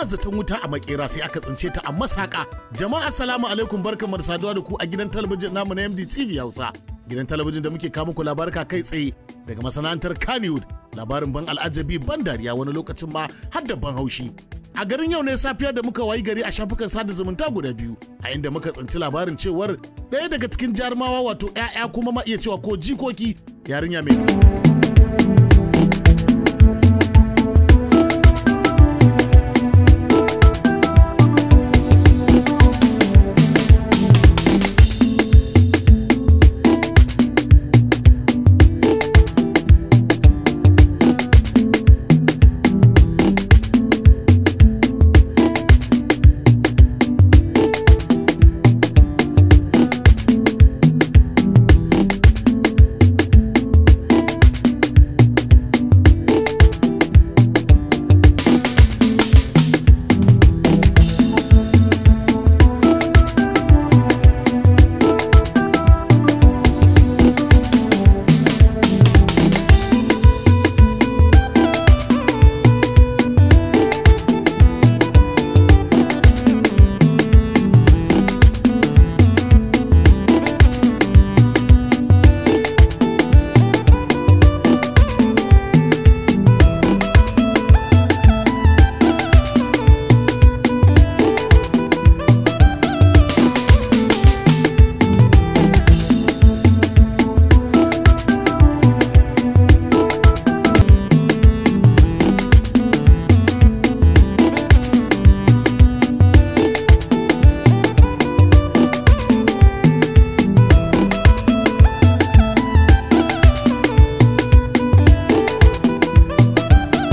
tana zaton wuta a makera sai aka tsince ta a masaka jama'a assalamu alaikum barkanmu da saduwa da ku a gidan talabijin namu na MDTV Hausa gidan talabijin da muke kawo muku labarka kai tsaye daga masana'antar Kannywood labarin ban al'ajabi ban dariya wani lokacin ma har da ban haushi a garin yau ne safiya da muka wayi gari a shafukan sada zumunta guda biyu a inda muka tsinci labarin cewar ɗaya daga cikin jarumawa wato 'ya'ya kuma ma iya cewa ko jikoki yarinya mai